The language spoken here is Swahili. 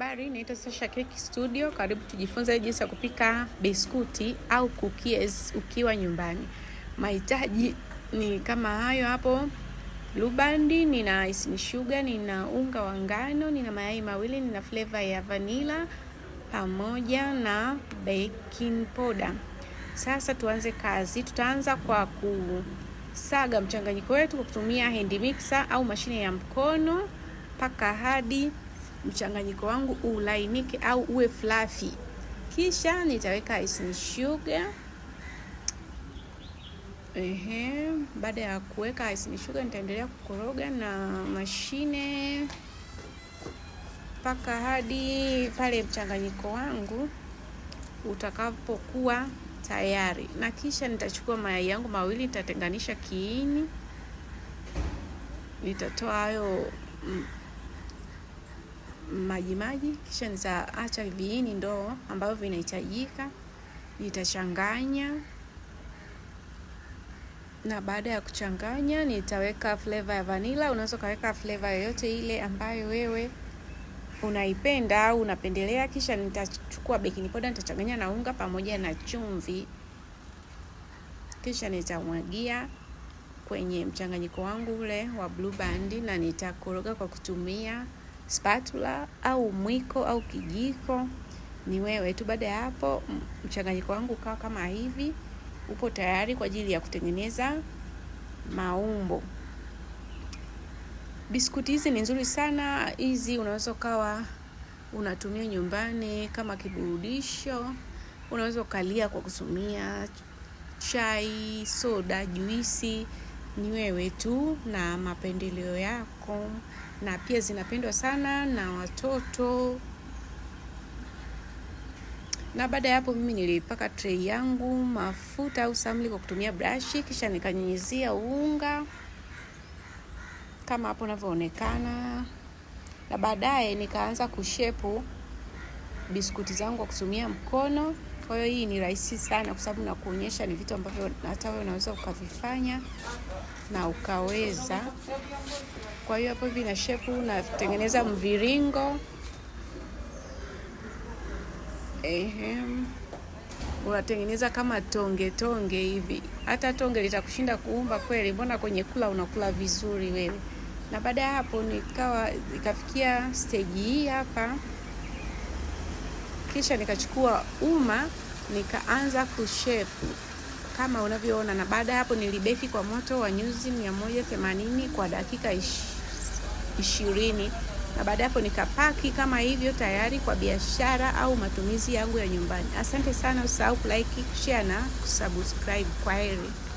Habari, naitwa Sasha Cake Studio. Karibu tujifunze jinsi ya kupika biskuti au cookies ukiwa nyumbani. Mahitaji ni kama hayo hapo: lubandi, nina icing sugar, nina unga wa ngano, nina mayai mawili, nina flavor ya vanilla pamoja na baking powder. Sasa tuanze kazi. Tutaanza kwa kusaga mchanganyiko wetu kwa kutumia hand mixer au mashine ya mkono mpaka hadi mchanganyiko wangu ulainike au uwe fluffy. Kisha nitaweka icing sugar. Ehe, baada ya kuweka icing sugar nitaendelea kukoroga na mashine mpaka hadi pale mchanganyiko wangu utakapokuwa tayari. Na kisha nitachukua mayai yangu mawili, nitatenganisha kiini, nitatoa hayo maji maji, kisha nitaacha viini ndoo ambavyo vinahitajika, nitachanganya na baada ya kuchanganya nitaweka flavor ya vanila. Unaweza ukaweka flavor yoyote ile ambayo wewe unaipenda au unapendelea. Kisha nitachukua baking powder, nitachanganya na unga pamoja na chumvi, kisha nitamwagia kwenye mchanganyiko wangu ule wa blue band, na nitakoroga kwa kutumia spatula au mwiko au kijiko, ni wewe tu. Baada ya hapo, mchanganyiko wangu ukawa kama hivi, upo tayari kwa ajili ya kutengeneza maumbo. Biskuti hizi ni nzuri sana, hizi unaweza ukawa unatumia nyumbani kama kiburudisho. Unaweza ukalia kwa kutumia chai, soda, juisi. Ni wewe tu na mapendeleo yako na pia zinapendwa sana na watoto. Na baada ya hapo, mimi nilipaka tray yangu mafuta au samli kwa kutumia brashi, kisha nikanyunyizia unga kama hapo unavyoonekana, na baadaye nikaanza kushepu biskuti zangu kwa kutumia mkono. Kwa hiyo hii ni rahisi sana, kwa sababu nakuonyesha ni vitu ambavyo hata wewe unaweza ukavifanya na ukaweza. Kwa hiyo hapo hivi na shepu unatengeneza mviringo, ehem, unatengeneza kama tonge tonge hivi. Hata tonge litakushinda kuumba kweli, mbona kwenye kula unakula vizuri wewe. Na baada ya hapo nikawa ikafikia stage hii hapa kisha nikachukua uma nikaanza kushepu kama unavyoona, na baada ya hapo nilibeki kwa moto wa nyuzi 180 kwa dakika ishirini na baada ya hapo nikapaki kama hivyo, tayari kwa biashara au matumizi yangu ya nyumbani. Asante sana, usahau kulike, share na kusubscribe. Kwa heri.